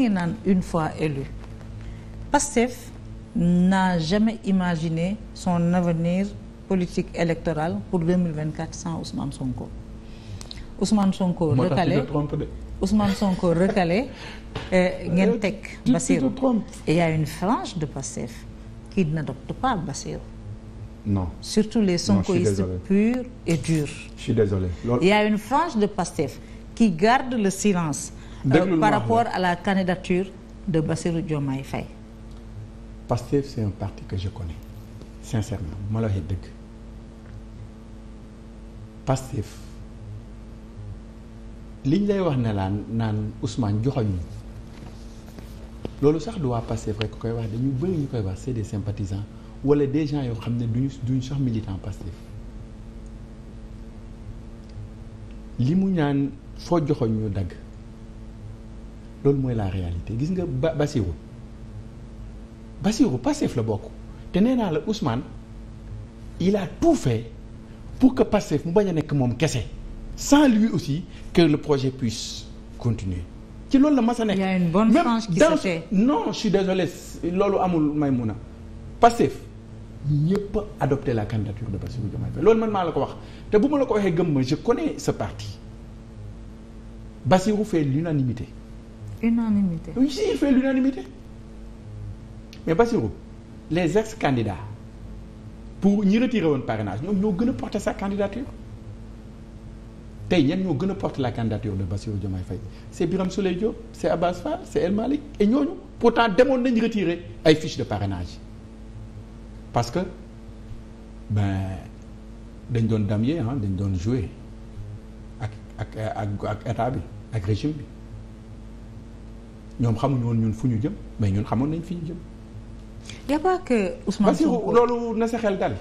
ngi naan une fois élu Pastef n'a jamais imaginé son avenir politique électorale pour 2024 sans Ousmane Sonko Ousmane Sonko recalé Ousmane Sonko recalé eh, ngeen teg Bassirou et il y a une frange de Pastef qui n'adopte pas Bassirou surtout les Sonkoïstes purs et durs il y a une frange de Pastef qui garde le silence Euh, par rapport à la candidature de Bassirou Diomaye Faye Pastef c'est un parti que je connais sincèrement bu ma la waxee dëgg Pastef liñ lay wax ne laan naan Ousmane joxoñu loolu sax du waa Pastef rek koy wax dañu bëri ñu koy wax c'est des sympathisants wala des gens yoo xam ne duñu duñu sax militant Pastef li mu ñaan foo joxoñ ñu dagg loolu mooy la réalité gis nga ba Bassirou Bassirou Pastef la bokk te nee naa la Ousmane il a tout fait pour que Pastef mu bañ a nekk moom kese sans lui aussi que le projet puisse continuer ci loolu la mas a nekk. y a une bonne frange qui se fait non je suis désolé loolu amul Maïmouna Pastef ñëpp adopté la candidature de Bassirou Diomaye Faye loolu man maa la ko wax te bu ma la ko waxee gëm ma je connais ce parti Bassirou fait l'unanimité unanimité oui si il fait l'unanimité mais Bassirou les ex candidats pour ñi retiré woon parrainage ñoom ñoo gën a porté sa candidature tey ñenn ñoo gën a porter la candidature de Bassirou Diomaye Faye c' est Birame Souleye Diop c' est Abbas Fall c' est El Malick et ñooñu pourtant demoon nañ retirer ay fiches de parrainage parce que ben dañ doon damier ah dañ doon jouer ak ak ak ak état bi ak régime bi. ñoom xamuñu woon ñun fu ñu jëm mais ñun xamoon nañ fi ñu jëm. y a pas que Ousmane loolu na sa xel dal.